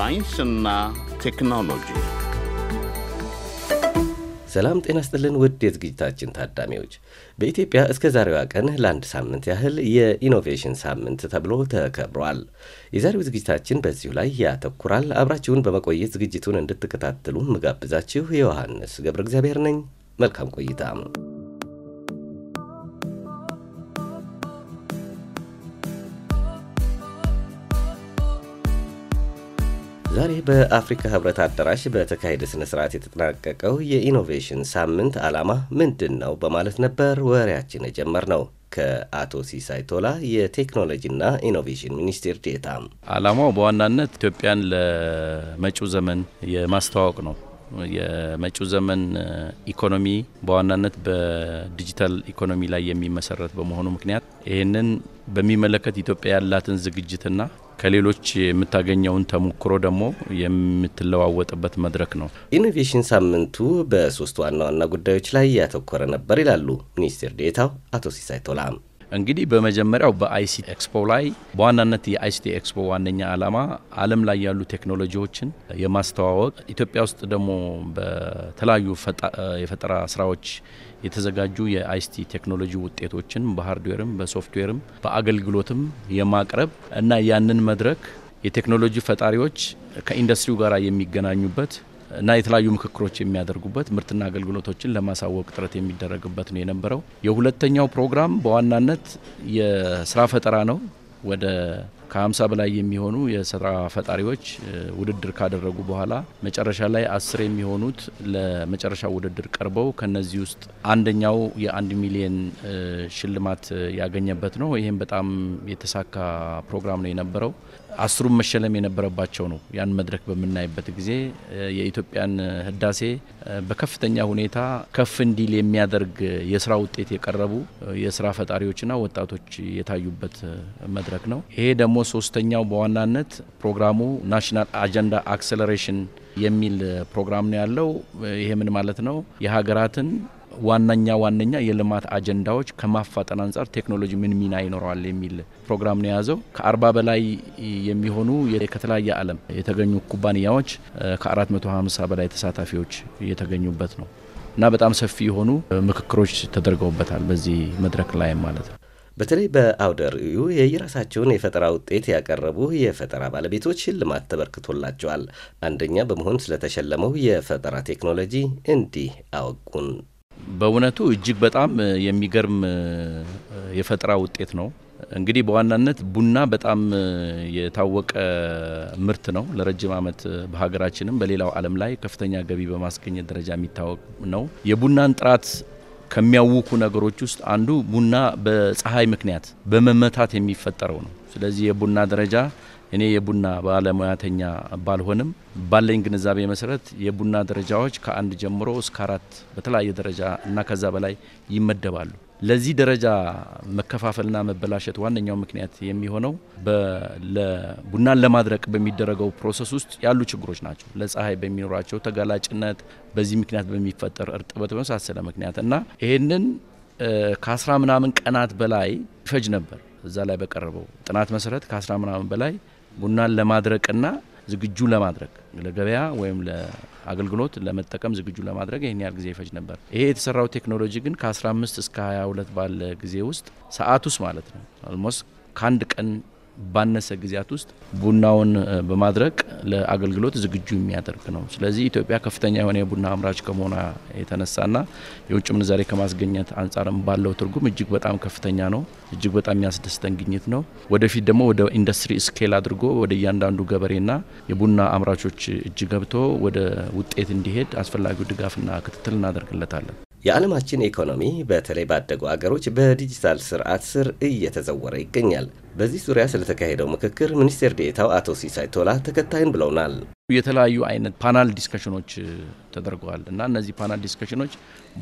ሳይንስና ቴክኖሎጂ ሰላም ጤና ስጥልን ውድ የዝግጅታችን ታዳሚዎች፣ በኢትዮጵያ እስከ ዛሬዋ ቀን ለአንድ ሳምንት ያህል የኢኖቬሽን ሳምንት ተብሎ ተከብሯል። የዛሬው ዝግጅታችን በዚሁ ላይ ያተኩራል። አብራችሁን በመቆየት ዝግጅቱን እንድትከታተሉ ምጋብዛችሁ የዮሐንስ ገብረ እግዚአብሔር ነኝ። መልካም ቆይታ። ዛሬ በአፍሪካ ህብረት አዳራሽ በተካሄደ ስነ ስርዓት የተጠናቀቀው የኢኖቬሽን ሳምንት ዓላማ ምንድን ነው በማለት ነበር ወሬያችን ነው። ከአቶ ሲሳይ ቶላ የቴክኖሎጂና ኢኖቬሽን ሚኒስቴር ዴታ። ዓላማው በዋናነት ኢትዮጵያን ለመጪው ዘመን የማስተዋወቅ ነው። የመጪው ዘመን ኢኮኖሚ በዋናነት በዲጂታል ኢኮኖሚ ላይ የሚመሰረት በመሆኑ ምክንያት ይህንን በሚመለከት ኢትዮጵያ ያላትን ዝግጅትና ከሌሎች የምታገኘውን ተሞክሮ ደግሞ የምትለዋወጥበት መድረክ ነው። ኢኖቬሽን ሳምንቱ በሶስት ዋና ዋና ጉዳዮች ላይ ያተኮረ ነበር ይላሉ ሚኒስትር ዴታው አቶ ሲሳይ ቶላም። እንግዲህ በመጀመሪያው በአይሲቲ ኤክስፖ ላይ በዋናነት የአይሲቲ ኤክስፖ ዋነኛ ዓላማ ዓለም ላይ ያሉ ቴክኖሎጂዎችን የማስተዋወቅ ኢትዮጵያ ውስጥ ደግሞ በተለያዩ የፈጠራ ስራዎች የተዘጋጁ የአይሲቲ ቴክኖሎጂ ውጤቶችን በሀርድዌርም በሶፍትዌርም በአገልግሎትም የማቅረብ እና ያንን መድረክ የቴክኖሎጂ ፈጣሪዎች ከኢንዱስትሪው ጋር የሚገናኙበት እና የተለያዩ ምክክሮች የሚያደርጉበት ምርትና አገልግሎቶችን ለማሳወቅ ጥረት የሚደረግበት ነው የነበረው። የሁለተኛው ፕሮግራም በዋናነት የስራ ፈጠራ ነው። ወደ ከ50 በላይ የሚሆኑ የስራ ፈጣሪዎች ውድድር ካደረጉ በኋላ መጨረሻ ላይ አስር የሚሆኑት ለመጨረሻ ውድድር ቀርበው ከነዚህ ውስጥ አንደኛው የአንድ ሚሊየን ሽልማት ያገኘበት ነው። ይህም በጣም የተሳካ ፕሮግራም ነው የነበረው። አስሩም መሸለም የነበረባቸው ነው። ያን መድረክ በምናይበት ጊዜ የኢትዮጵያን ህዳሴ በከፍተኛ ሁኔታ ከፍ እንዲል የሚያደርግ የስራ ውጤት የቀረቡ የስራ ፈጣሪዎችና ወጣቶች የታዩበት መድረክ ነው። ይሄ ደግሞ ሶስተኛው በዋናነት ፕሮግራሙ ናሽናል አጀንዳ አክሰለሬሽን የሚል ፕሮግራም ነው ያለው። ይሄ ምን ማለት ነው? የሀገራትን ዋነኛ ዋነኛ የልማት አጀንዳዎች ከማፋጠን አንጻር ቴክኖሎጂ ምን ሚና ይኖረዋል የሚል ፕሮግራም ነው የያዘው። ከአርባ በላይ የሚሆኑ ከተለያየ ዓለም የተገኙ ኩባንያዎች ከ450 በላይ ተሳታፊዎች የተገኙበት ነው እና በጣም ሰፊ የሆኑ ምክክሮች ተደርገውበታል በዚህ መድረክ ላይ ማለት ነው። በተለይ በአውደ ርዕዩ የየራሳቸውን የፈጠራ ውጤት ያቀረቡ የፈጠራ ባለቤቶች ሽልማት ተበርክቶላቸዋል። አንደኛ በመሆን ስለተሸለመው የፈጠራ ቴክኖሎጂ እንዲህ አወጉን። በእውነቱ እጅግ በጣም የሚገርም የፈጠራ ውጤት ነው። እንግዲህ በዋናነት ቡና በጣም የታወቀ ምርት ነው። ለረጅም ዓመት በሀገራችንም በሌላው ዓለም ላይ ከፍተኛ ገቢ በማስገኘት ደረጃ የሚታወቅ ነው። የቡናን ጥራት ከሚያውኩ ነገሮች ውስጥ አንዱ ቡና በፀሐይ ምክንያት በመመታት የሚፈጠረው ነው። ስለዚህ የቡና ደረጃ እኔ የቡና ባለሙያተኛ ባልሆንም ባለኝ ግንዛቤ መሰረት የቡና ደረጃዎች ከአንድ ጀምሮ እስከ አራት በተለያየ ደረጃ እና ከዛ በላይ ይመደባሉ። ለዚህ ደረጃ መከፋፈልና መበላሸት ዋነኛው ምክንያት የሚሆነው ቡናን ለማድረቅ በሚደረገው ፕሮሰስ ውስጥ ያሉ ችግሮች ናቸው። ለፀሐይ በሚኖራቸው ተጋላጭነት፣ በዚህ ምክንያት በሚፈጠር እርጥበት በመሳሰለ ምክንያት እና ይህንን ከአስራ ምናምን ቀናት በላይ ፈጅ ነበር። እዛ ላይ በቀረበው ጥናት መሰረት ከአስራ ምናምን በላይ ቡናን ለማድረቅና ዝግጁ ለማድረግ ለገበያ ወይም ለአገልግሎት ለመጠቀም ዝግጁ ለማድረግ ይህን ያህል ጊዜ ይፈጅ ነበር። ይሄ የተሰራው ቴክኖሎጂ ግን ከ15 እስከ 22 ባለ ጊዜ ውስጥ ሰዓት ውስጥ ማለት ነው ኦልሞስት ከአንድ ቀን ባነሰ ጊዜያት ውስጥ ቡናውን በማድረቅ ለአገልግሎት ዝግጁ የሚያደርግ ነው። ስለዚህ ኢትዮጵያ ከፍተኛ የሆነ የቡና አምራች ከመሆኗ የተነሳና የውጭ ምንዛሬ ከማስገኘት አንጻርም ባለው ትርጉም እጅግ በጣም ከፍተኛ ነው። እጅግ በጣም የሚያስደስተን ግኝት ነው። ወደፊት ደግሞ ወደ ኢንዱስትሪ ስኬል አድርጎ ወደ እያንዳንዱ ገበሬና የቡና አምራቾች እጅ ገብቶ ወደ ውጤት እንዲሄድ አስፈላጊው ድጋፍና ክትትል እናደርግለታለን። የዓለማችን ኢኮኖሚ በተለይ ባደጉ አገሮች በዲጂታል ስርዓት ስር እየተዘወረ ይገኛል። በዚህ ዙሪያ ስለተካሄደው ምክክር ሚኒስቴር ዴታው አቶ ሲሳይ ቶላ ተከታይን ብለውናል። የተለያዩ አይነት ፓናል ዲስከሽኖች ተደርገዋል እና እነዚህ ፓናል ዲስከሽኖች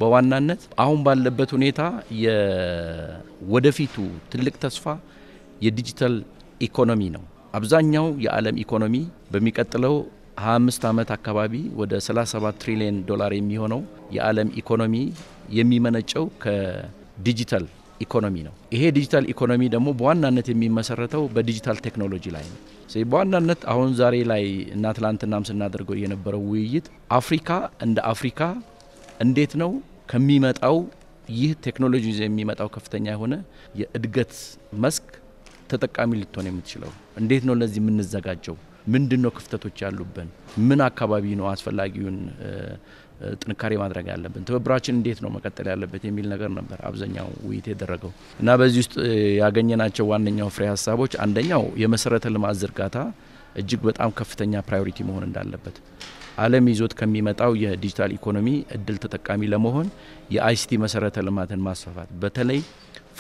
በዋናነት አሁን ባለበት ሁኔታ የወደፊቱ ትልቅ ተስፋ የዲጂታል ኢኮኖሚ ነው። አብዛኛው የዓለም ኢኮኖሚ በሚቀጥለው 25 ዓመት አካባቢ ወደ 37 ትሪሊየን ዶላር የሚሆነው የዓለም ኢኮኖሚ የሚመነጨው ከዲጂታል ኢኮኖሚ ነው። ይሄ ዲጂታል ኢኮኖሚ ደግሞ በዋናነት የሚመሰረተው በዲጂታል ቴክኖሎጂ ላይ ነው። በዋናነት አሁን ዛሬ ላይ እና ትላንትናም ስናደርገው የነበረው ውይይት አፍሪካ እንደ አፍሪካ እንዴት ነው ከሚመጣው ይህ ቴክኖሎጂ የሚመጣው ከፍተኛ የሆነ የእድገት መስክ ተጠቃሚ ልትሆን የምትችለው እንዴት ነው? ለዚህ የምንዘጋጀው ምንድን ነው ክፍተቶች ያሉብን? ምን አካባቢ ነው አስፈላጊውን ጥንካሬ ማድረግ ያለብን? ትብብራችን እንዴት ነው መቀጠል ያለበት የሚል ነገር ነበር አብዛኛው ውይይት የደረገው እና በዚህ ውስጥ ያገኘናቸው ዋነኛው ፍሬ ሀሳቦች አንደኛው የመሰረተ ልማት ዝርጋታ እጅግ በጣም ከፍተኛ ፕራዮሪቲ መሆን እንዳለበት ዓለም ይዞት ከሚመጣው የዲጂታል ኢኮኖሚ እድል ተጠቃሚ ለመሆን የአይሲቲ መሰረተ ልማትን ማስፋፋት በተለይ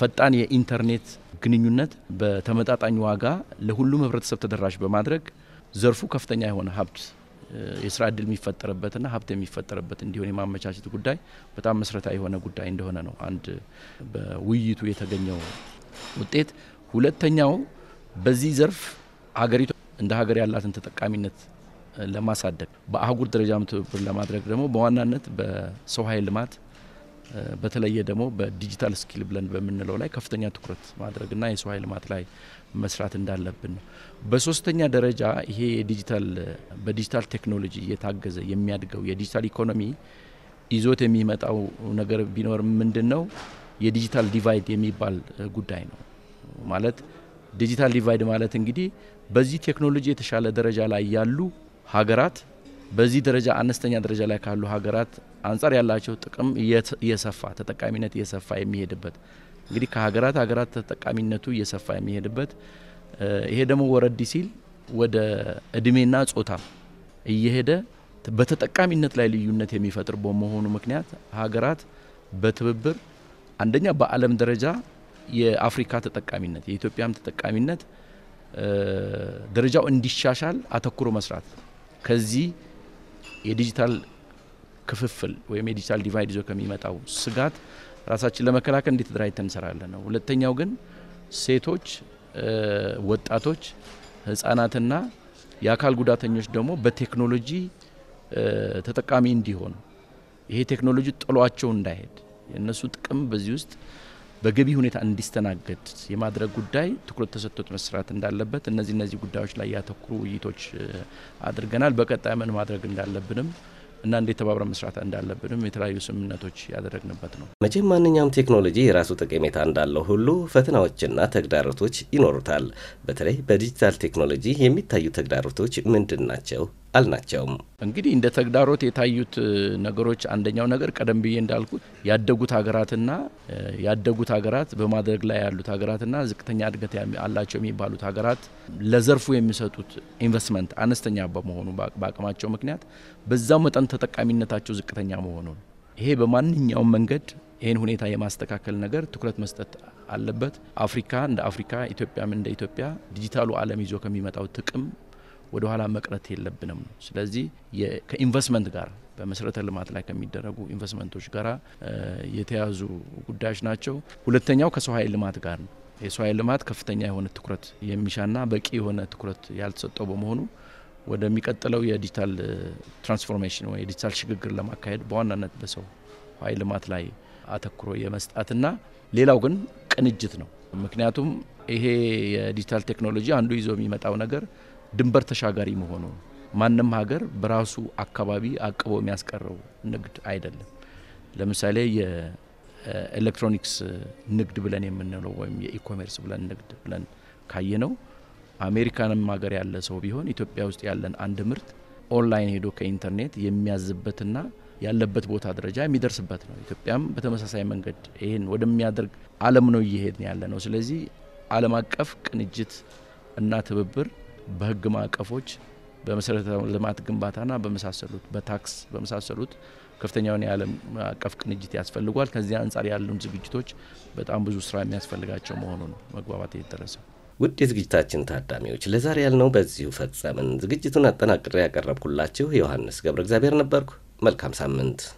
ፈጣን የኢንተርኔት ግንኙነት በተመጣጣኝ ዋጋ ለሁሉም ህብረተሰብ ተደራሽ በማድረግ ዘርፉ ከፍተኛ የሆነ ሀብት የስራ እድል የሚፈጠርበትና ሀብት የሚፈጠርበት እንዲሆን የማመቻቸት ጉዳይ በጣም መሰረታዊ የሆነ ጉዳይ እንደሆነ ነው አንድ በውይይቱ የተገኘው ውጤት። ሁለተኛው በዚህ ዘርፍ ሀገሪቱ እንደ ሀገር ያላትን ተጠቃሚነት ለማሳደግ በአህጉር ደረጃም ትብብር ለማድረግ ደግሞ በዋናነት በሰው ኃይል ልማት በተለየ ደግሞ በዲጂታል ስኪል ብለን በምንለው ላይ ከፍተኛ ትኩረት ማድረግና የሰው ኃይል ልማት ላይ መስራት እንዳለብን ነው። በሶስተኛ ደረጃ ይሄ የዲጂታል በዲጂታል ቴክኖሎጂ እየታገዘ የሚያድገው የዲጂታል ኢኮኖሚ ይዞት የሚመጣው ነገር ቢኖር ምንድን ነው? የዲጂታል ዲቫይድ የሚባል ጉዳይ ነው። ማለት ዲጂታል ዲቫይድ ማለት እንግዲህ በዚህ ቴክኖሎጂ የተሻለ ደረጃ ላይ ያሉ ሀገራት በዚህ ደረጃ አነስተኛ ደረጃ ላይ ካሉ ሀገራት አንጻር ያላቸው ጥቅም እየሰፋ ተጠቃሚነት እየሰፋ የሚሄድበት እንግዲህ ከሀገራት ሀገራት ተጠቃሚነቱ እየሰፋ የሚሄድበት ይሄ ደግሞ ወረድ ሲል ወደ እድሜና ጾታ እየሄደ በተጠቃሚነት ላይ ልዩነት የሚፈጥር በመሆኑ ምክንያት ሀገራት በትብብር አንደኛ በዓለም ደረጃ የአፍሪካ ተጠቃሚነት የኢትዮጵያም ተጠቃሚነት ደረጃው እንዲሻሻል አተኩሮ መስራት ከዚህ የዲጂታል ክፍፍል ወይም የዲጂታል ዲቫይድ ይዞ ከሚመጣው ስጋት ራሳችን ለመከላከል እንዴት ተደራጅተን እንሰራለን ነው። ሁለተኛው ግን ሴቶች፣ ወጣቶች፣ ህጻናትና የአካል ጉዳተኞች ደግሞ በቴክኖሎጂ ተጠቃሚ እንዲሆኑ ይሄ ቴክኖሎጂ ጥሏቸው እንዳይሄድ የእነሱ ጥቅም በዚህ ውስጥ በገቢ ሁኔታ እንዲስተናገድ የማድረግ ጉዳይ ትኩረት ተሰጥቶት መስራት እንዳለበት እነዚህ እነዚህ ጉዳዮች ላይ ያተኩሩ ውይይቶች አድርገናል። በቀጣይ ምን ማድረግ እንዳለብንም እና እንዴት ተባብረን መስራት እንዳለብንም የተለያዩ ስምምነቶች ያደረግንበት ነው። መቼም ማንኛውም ቴክኖሎጂ የራሱ ጠቀሜታ እንዳለው ሁሉ ፈተናዎችና ተግዳሮቶች ይኖሩታል። በተለይ በዲጂታል ቴክኖሎጂ የሚታዩ ተግዳሮቶች ምንድን ናቸው? አልናቸውም። እንግዲህ እንደ ተግዳሮት የታዩት ነገሮች አንደኛው ነገር ቀደም ብዬ እንዳልኩት ያደጉት ሀገራትና ያደጉት ሀገራት በማድረግ ላይ ያሉት ሀገራትና ዝቅተኛ እድገት አላቸው የሚባሉት ሀገራት ለዘርፉ የሚሰጡት ኢንቨስትመንት አነስተኛ በመሆኑ በአቅማቸው ምክንያት በዛው መጠን ተጠቃሚነታቸው ዝቅተኛ ነው። ይሄ በማንኛውም መንገድ ይህን ሁኔታ የማስተካከል ነገር ትኩረት መስጠት አለበት። አፍሪካ እንደ አፍሪካ ኢትዮጵያም እንደ ኢትዮጵያ ዲጂታሉ ዓለም ይዞ ከሚመጣው ጥቅም ወደኋላ መቅረት የለብንም ነው። ስለዚህ ከኢንቨስትመንት ጋር በመሰረተ ልማት ላይ ከሚደረጉ ኢንቨስትመንቶች ጋር የተያዙ ጉዳዮች ናቸው። ሁለተኛው ከሰው ኃይል ልማት ጋር ነው። የሰው ኃይል ልማት ከፍተኛ የሆነ ትኩረት የሚሻና በቂ የሆነ ትኩረት ያልተሰጠው በመሆኑ ወደሚቀጥለው የዲጂታል ትራንስፎርሜሽን ወይ የዲጂታል ሽግግር ለማካሄድ በዋናነት በሰው ኃይል ልማት ላይ አተኩሮ የመስጣትና ሌላው ግን ቅንጅት ነው። ምክንያቱም ይሄ የዲጂታል ቴክኖሎጂ አንዱ ይዞ የሚመጣው ነገር ድንበር ተሻጋሪ መሆኑ ማንም ሀገር በራሱ አካባቢ አቅቦ የሚያስቀረው ንግድ አይደለም። ለምሳሌ የኤሌክትሮኒክስ ንግድ ብለን የምንለው ወይም የኢኮሜርስ ብለን ንግድ ብለን ካየ ነው አሜሪካንም ሀገር ያለ ሰው ቢሆን ኢትዮጵያ ውስጥ ያለን አንድ ምርት ኦንላይን ሄዶ ከኢንተርኔት የሚያዝበትና ያለበት ቦታ ደረጃ የሚደርስበት ነው። ኢትዮጵያም በተመሳሳይ መንገድ ይህን ወደሚያደርግ ዓለም ነው እየሄድን ያለ ነው። ስለዚህ ዓለም አቀፍ ቅንጅት እና ትብብር በህግ ማዕቀፎች በመሰረተ ልማት ግንባታና በመሳሰሉት በታክስ በመሳሰሉት ከፍተኛውን የዓለም አቀፍ ቅንጅት ያስፈልጓል። ከዚህ አንጻር ያሉን ዝግጅቶች በጣም ብዙ ስራ የሚያስፈልጋቸው መሆኑን መግባባት የደረሰው። ውድ የዝግጅታችን ታዳሚዎች ለዛሬ ያልነው በዚሁ ፈጸምን። ዝግጅቱን አጠናቅሬ ያቀረብኩላችሁ ዮሐንስ ገብረ እግዚአብሔር ነበርኩ። መልካም ሳምንት።